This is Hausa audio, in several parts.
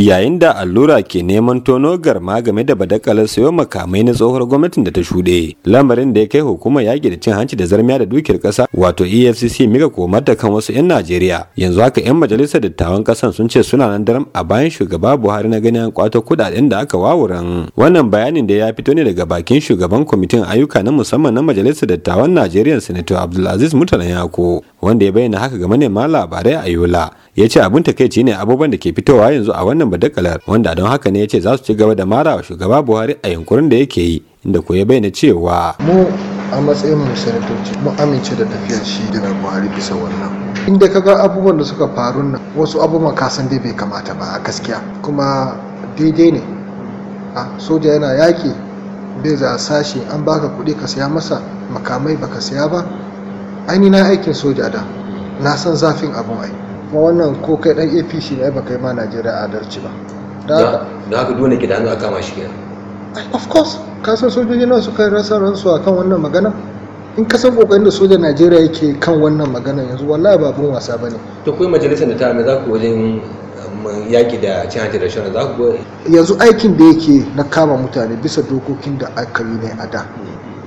yayin da allura ke neman tono garma game da badakalar sayo makamai na tsohuwar gwamnatin da ta shuɗe lamarin da ya kai hukumar yaƙi da cin hanci da zarmiya da dukiyar ƙasa wato efcc mika komar da kan wasu 'yan najeriya yanzu haka 'yan majalisar dattawan ƙasan sun ce suna nan daram a bayan shugaba buhari na ganin kwato kuɗaɗen da aka wawuran wannan bayanin da ya fito ne daga bakin shugaban kwamitin ayyuka na musamman na majalisar dattawan najeriya senator abdulaziz mutanen yako wanda ya bayyana haka ga manema labarai a yola ya ce abin takaici ne abubuwan da ke fitowa yanzu a wannan badakalar wanda don haka ne ya ce za su ci gaba da mara wa shugaba buhari a yunkurin da yake yi inda ko ya bayyana cewa mu a matsayin mu sanatoci mu amince da tafiyar shi da buhari bisa wannan inda kaga abubuwan da suka faru nan wasu abubuwan kasan dai bai kamata ba a gaskiya kuma daidai ne a soja yana yaki bai za sashi an baka kuɗi ka siya masa makamai baka siya ba aini na aikin soja da na san zafin abin ai kuma wannan ko kai dan apc ne ba kai ma najeriya adalci ba da haka dole ki da hannu a kama shi ke of course ka san sojoji nawa kai rasa ransu a kan wannan magana in ka san kokarin da sojan najeriya yake kan wannan magana yanzu wallahi ba abin wasa bane to kai majalisar da ta mai za ku wajen um, yaki da cin hanci da shan za ku yanzu aikin da yake na kama mutane bisa dokokin da aka yi ne a da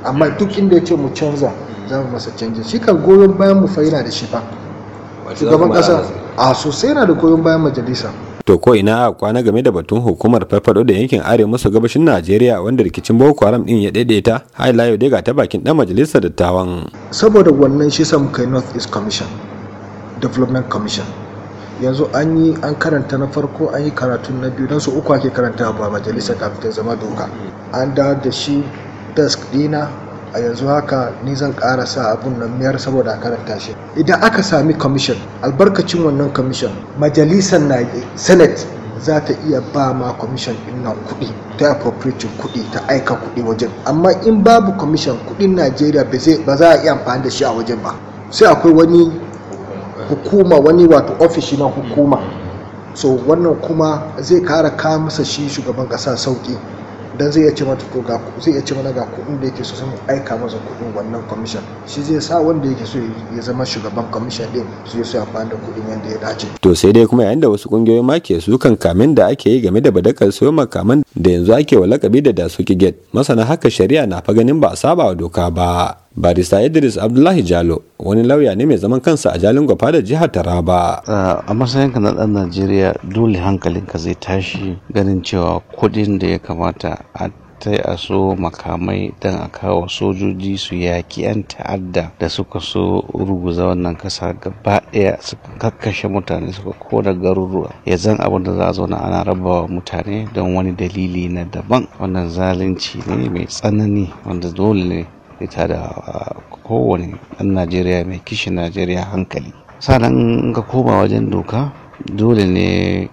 amma duk inda ya ce mu canza za mu masa canji shi kan goyon bayan mu faina da shi fa shugaban kasa a sosai yana da goyon bayan majalisa to ko ina a kwana game da batun hukumar farfado da yankin arewa maso gabashin najeriya wanda rikicin boko haram din ya daidaita har layo dai ga ta bakin dan majalisar dattawan saboda wannan shi sa muka north east commission development commission yanzu an yi an karanta na farko an yi karatu na biyu don su uku ake karanta ba majalisar kafin ta zama doka an da da shi desk dina a yanzu haka ni zan ƙara sa abun nan miyar saboda karanta shi idan aka sami commission albarkacin wannan commission majalisar na senate za ta iya ba ma commission din nan kuɗi ta appropriate kuɗi ta aika kuɗi wajen amma in babu commission kuɗin najeriya ba za a iya amfani da shi a wajen ba sai akwai wani hukuma wani wato ofishi na hukuma so wannan kuma zai kara kawo masa shi shugaban ƙasa sauƙi don zai iya ce mana ga kuɗin da yake so sai aika masa kuɗin wannan commission shi zai sa wanda yake so ya zama shugaban commission din su yi su ya da kuɗin yadda ya dace to sai dai kuma yayin da wasu kungiyoyin ma ke sukan kamin da ake yi game da badakar sayo makaman da yanzu ake wa lakabi da ki get masana haka shari'a na fa ganin ba a saba wa doka ba barista idris abdullahi jalo wani lauya ne mai zaman kansa a jalin gwafa da jihar taraba a matsayinka na dan najeriya dole hankalinka zai tashi ganin cewa kudin da ya kamata a sai a so makamai don a kawo sojoji su yaki 'yan ta'adda da suka so ruguza wannan kasa gaba ɗaya suka kakkashe mutane suka kona garuruwa ya zan abin da za a zauna ana rabawa mutane don wani dalili na daban wannan zalunci ne mai tsanani wanda dole ne ita da kowane ɗan najeriya mai kishi najeriya hankali sanan ga koma wajen doka dole ne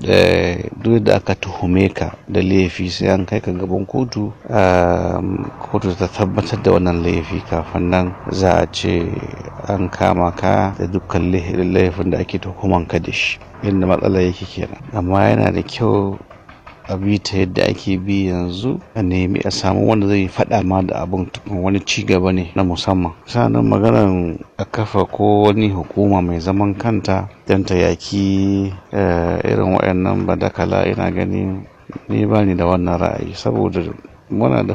da duk da aka tuhume ka da laifi sai an kai ka gaban kotu um, kotu ta tabbatar da wannan laifi kafin nan za a ce an kama ka da dukkan laifin da ake tuhuman ka da shi inda matsala yake kenan amma yana da kyau a bi ta yadda ake bi yanzu a nemi a samu wanda zai faɗa ma da abin tukun wani ci gaba ne na musamman sanin maganar a kafa ko wani hukuma mai zaman kanta don ta yaki eh, irin waɗannan badakala ina gani ne ba ni da wannan ra'ayi saboda muna da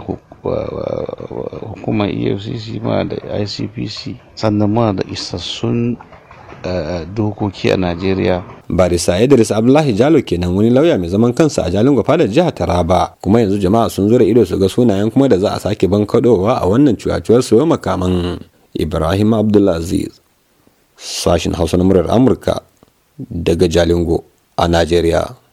hukumar efcc ma da icpc sannan muna da isassun eh, dokoki a najeriya barisa idris abdullahi jalo kenan wani lauya mai zaman kansa a jalingo gwafa jihar taraba kuma yanzu jama'a sun zura ido su ga sunayen kuma da za a sake ban kadowa a wannan cuwacuwar su makaman ibrahim abdulaziz sashen hausa na murar amurka daga jalingo a najeriya